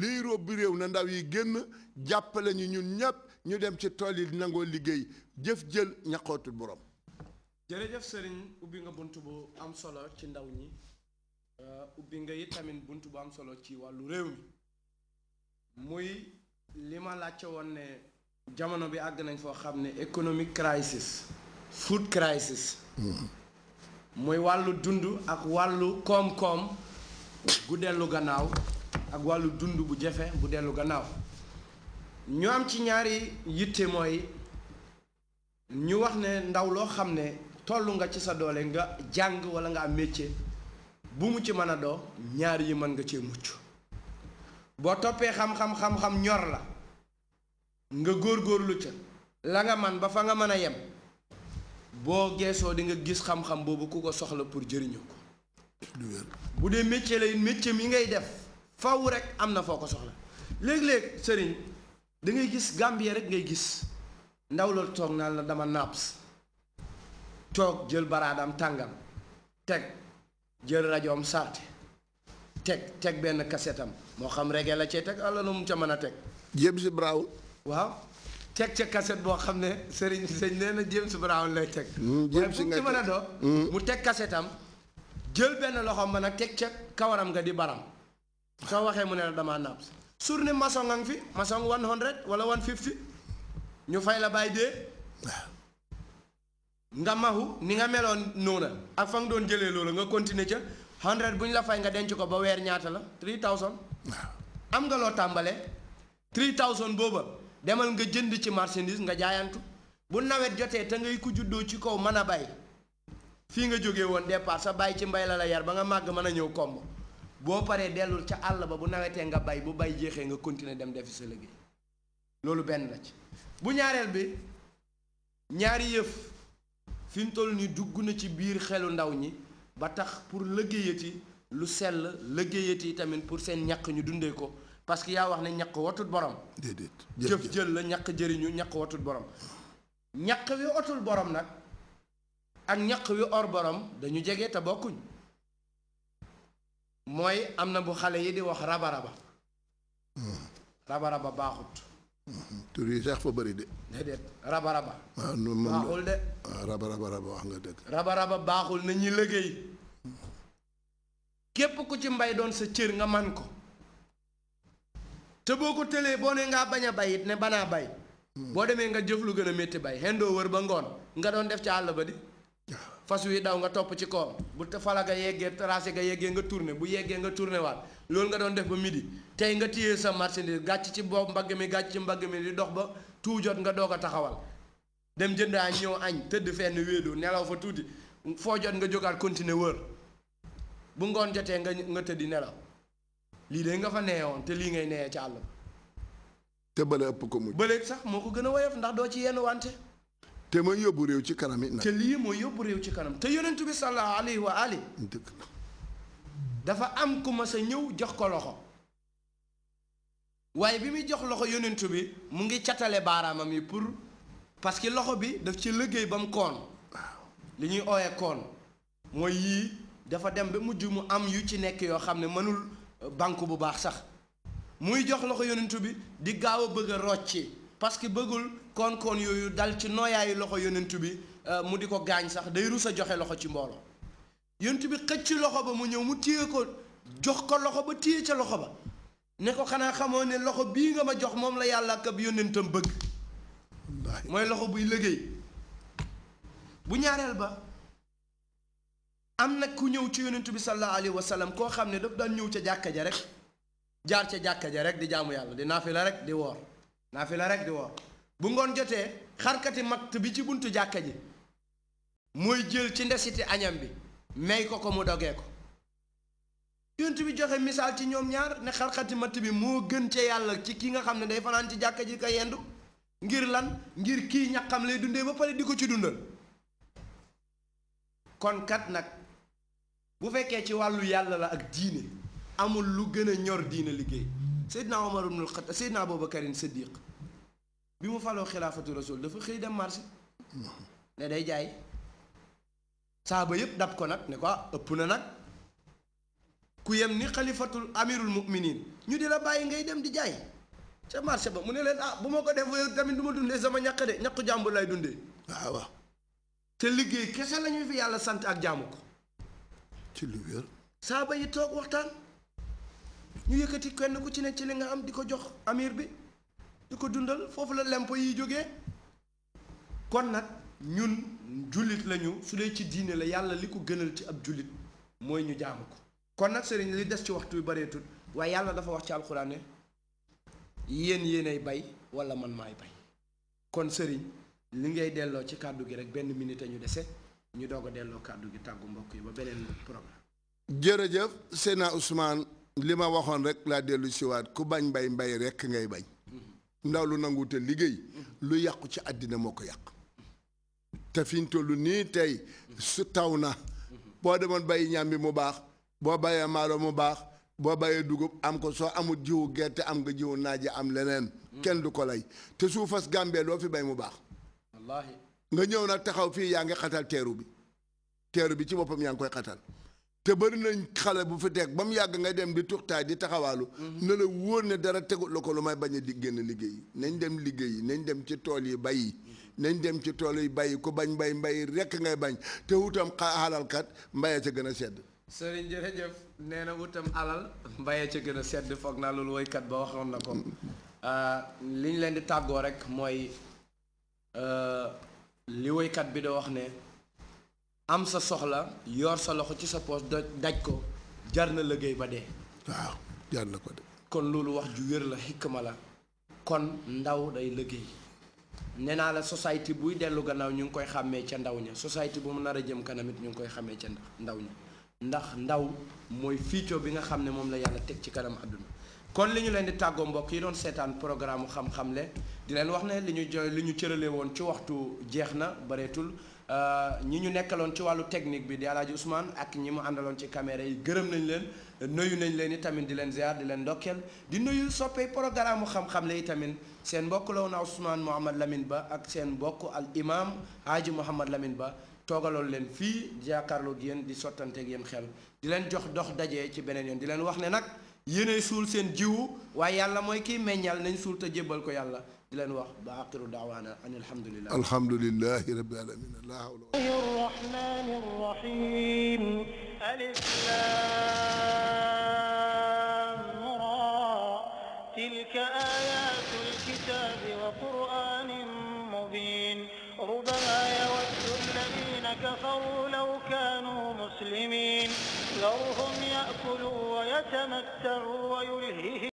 liy róbbi réew na ndaw yi génn jàppale nañu ñun ñëpp ñu dem ci tool yi nangoo liggéey jëf jël ñaqootul borom. jërëjëf sëriñ ubbi nga bunt bu am solo ci ndaw ñi euh, ubbi nga yi tamit bunt bu am solo ci wàllu réew mi muy li ma laajte woon ne jamono bi àgg nañ foo xam ne economic crisis food crisis mm-hmm. muy wàllu dund ak wàllu koom-koom gu dellu gannaaw ak wàllu dund bu jafe bu dellu gannaaw ñu am ci ñaari yitte mooy ñu wax ne ndaw loo xam ne tollu nga ci sa doole nga jàng wala nga am métier bu mu ci mën a doo ñaar yi mën nga cee mucc boo toppee xam-xam xam ñor la nga góor-góorlu ca la nga man ba fa nga mën a yem boo geesoo di nga gis xam-xam boobu ku ko soxla pour jëriñu ko bu dee métier la métier mi ngay def faw rek am na foo ko soxla léegi-léegi sëriñ da ngay gis Gambie rek ngay gis ndaw loolu toog naa la dama napp toog jël baraadam tàngam teg jël rajoom sarte teg teg benn kasetam moo xam rege la cee teg ala mu ca mën a teg James Brown waaw teg ca kaset boo xam ne sëriñ sëñ nee na James Brown lay teg hmm, waaye fu mu ci mën a doo hmm. mu teg kasetam jël benn loxoom ba nag teg ca kawaram nga di baram soo waxee mu ne la damaa napp surne maçon nga fi maçon one hundred wala one fifty ñu fay la bàyyi dee nga maxu ni nga meloon noona ak fa nga doon jëlee loolu nga continuer ca hundred bu ñu la fay nga denc ko ba weer ñaata la three thousand am nga loo tàmbalee three thousand booba demal nga jënd ci marchandise nga jaayantu bu nawet jotee te ngay ku juddoo ci kaw mën a bay fii nga jógee woon départ sa bàyyi ci mbay la la yar ba nga màgg mën a ñëw komb boo paree dellul ca àll ba bu nawetee nga bay bu bay jeexee nga continuer dem defi sa loolu benn la ci bu ñaareel bi ñaari yëf fi mu toll ni dugg na ci biir xelu ndaw ñi ba tax pour liggéeyati lu sell yi tamit pour seen ñaq ñu dundee ko parce que yaa wax ne ñaq watul borom jëf jël la ñaq jëriñu ñaq watul borom ñaq wi otul borom nag ak ñaq wi or borom dañu jege te bokkuñ mooy am na bu xale yi di wax raba-raba hmm. raba-raba baaxut hmm. tur yi sax fa bëri de déedéet raba-raba ah, baaxul de ah, baaxul na ñuy liggéey képp ku ci mbay doon sa cër nga man ko te boo ko tëlee boo ne ngaa bañ a bay ne banaa bay hmm. boo demee nga jëf lu gën a metti bay xendoo wër ba ngoon nga doon def ci àll ba di fas wi daw nga topp ci koom bu fala nga yeggee tracé nga yeggee nga tourné bu yeggee nga tourné waat loolu nga doon def ba midi tey nga téye sa marchandise gàcc ci boobu mbagg mi gàcc ci mbagg mi di dox ba tout jot nga doog a taxawal dem jënd añ ñëw añ tëdd fenn wéedu nelaw fa tuuti foo jot nga jógaat continuer wër bu ngoon jotee nga nga tëddi nelaw lii de nga fa neewoon te lii ngay neyee ci àll te bële ëpp ko mujj bële sax moo ko gën a woyof ndax doo ci yenn wante te mooy yóbbu réew ci kanam yi nag. te lii mooy yóbbu réew ci kanam te yonent bi sallallahu alayhi wa ali dëgg dafa am ku mas ñëw jox ko loxo waaye bi muy jox loxo yonent bi mu ngi catale baaraamam yi pour parce que loxo bi daf ci liggéey ba mu koon li ñuy ooyee koon mooy yii dafa dem ba mujj mu am yu ci nekk yoo xam ne mënul euh, banque bu baax sax muy jox loxo yonent bi di gaaw a bëgg a rocci parce que bëggul koon-koon yooyu dal ci nooyaayu loxo yonent bi euh, mu di ko gaañ sax day rus a joxe loxo ci mbooloo yonent bi xëcc loxo ba mu ñëw mu téye ko jox ko loxo ba téye ca loxo ba ne ko xanaa xamoo ne loxo bii nga ma jox moom la yàlla ak ab yonentam bëgg mooy loxo buy liggéey bu ñaareel ba am na ku ñëw ci yonent bi sallallahu alayhi wa koo xam ne daf daan ñëw ca jàkka ja rek jaar ca jàkka ja rek di jaamu yàlla di naafi la rek di woor naa fi la rek di woor bu ngoon jotee xarkati matt bi ci buntu jàkka ji mooy jël ci ndesiti añam bi may ko ko mu dogee ko yonent bi joxe misaal ci ñoom ñaar ne xarkati matt bi moo gën ca yàlla ci ki nga xam ne day fanaan ci jàkka ji ko yendu ngir lan ngir kii ñaxam lay dundee ba pare di ko ci dundal kon kat nag bu fekkee ci wàllu yàlla la ak diine amul lu gën a ñor diine liggéey Seydina Omar ibnul Xattaab Seydina Abubakarin Siddiq bi mu faloo xilaafatu rasul dafa xëy dem marché mm-hmm. ne day jaay saaba yëpp dab ko nag ne ko ah, ëpp na nag ku yem ni xalifatul amirul muminin ñu di la bàyyi ngay dem di jaay ca marché ba mu ne leen ah bu ma ko def yow tamit du ma dundee sama ñaq de ñaqu jàmbur lay dundee waaw ah, waaw te liggéey kese lañuy fi yàlla sant ak jaamu ko ci lu wér saaba yi toog waxtaan ñu yëkkati kenn ku ci ne ci li nga am di ko jox amir bi di ko dundal foofu la lempo yi jógee kon nag ñun jullit lañu su dee ci diine la yàlla li ko gënal ci ab jullit mooy ñu jaamu ko kon nag sëriñ li des ci waxtu bi bareetul waaye yàlla dafa wax ci alxuraan ne yéen ay bay wala man maay bay kon sëriñ li ngay delloo ci kàddu gi rek benn minute ñu dese ñu doog a delloo kàddu gi tàggu mbokk yi ba beneen programme. jërëjëf Seydina Ousmane. li ma waxoon rek laa dellu siwaat ku bañ mbay mbay rek ngay bañ ndaw lu nangu te liggéey lu yàqu ci àddina moo ko yàq te fi ñu toll nii tey su taw na boo demoon bay ñàmbi mu baax boo bayee maalo mu baax boo bayee dugub am ko soo amul jiwu gerte am nga jiwu naaje am leneen kenn du ko lay te suufas gàmbee loo fi bay mu baax nga ñëw nag taxaw fii yaa ngi xatal teeru bi teeru bi ci boppam yaa ngi koy xatal te bari nañ xale bu fi teg ba mu yàgg ngay dem di tuxtaay di taxawaalu mhm. ne la wóor ne dara tegut la ko lu may bañ a di génn liggéey nañ dem liggéey nañ dem ci tool yi bay mhm. nañ dem ci tool yi bay ku bañ mbay mbay rekk ngay bañ te wutam xaalalkat mbayee ca gën a sedd sëriñ jërëjëf nee na wutam alal mbayee ca gën a sedd foog naa loolu woykat ba waxoon na ko mhm. euh, li leen di tàggoo rek mooy euh, li woykat bi da wax ne am sa soxla yor sa loxo ci sa poos daj ko jar na liggéey ba dee waaw jar na ko de kon loolu wax ju wér la xikma la kon ndaw day liggéey nee naa la société buy dellu gannaaw ñu ngi koy xàmmee ca ndaw ña société bu mu nar a jëm kanam it ñu ngi koy xàmmee ca ndaw ña ndax ndaw mooy fiicoo bi nga xam ne moom la yàlla teg ci kanam àdduna kon li ñu leen di tàggoo mbokk yi doon seetaan programme xam-xam le di leen wax ne li ñu jo li ñu cëralee woon ci waxtu jeex na bareetul Euh, ñi ñu nekkaloon ci wàllu technique bi di Alaaji Ousmane ak ñi mu àndaloon ci caméra yi gërëm nañ leen nuyu nañ leen i tamit di leen ziar di leen ndokkeel di nuyu soppee programme mu xam-xam la yi tamit seen mbokk la woon a Ousmane Mouhamad Lamine Ba ak seen mbokk al imam Haaji Mouhamad Lamine Ba toogaloon leen fii jàkkaarloo ak yéen di sottante ak xel di leen jox dox daje ci beneen yoon di leen wax ne nag yéenay suul seen jiwu waaye yàlla mooy kiy meññal nañ suul te jébbal ko yàlla di leen wax ba aqiru daawaana an alhamdulilah alhamdulilahi rabbil alamin la hawla wala rahmani rahim alif lam ra tilka ayatu alkitabi wa qur'anin mubin ربما يود الذين كفروا لو كانوا مسلمين ذَرْهُمْ يَأْكُلُوا وَيَتَمَتَّعُوا وَيُلْهِهِمْ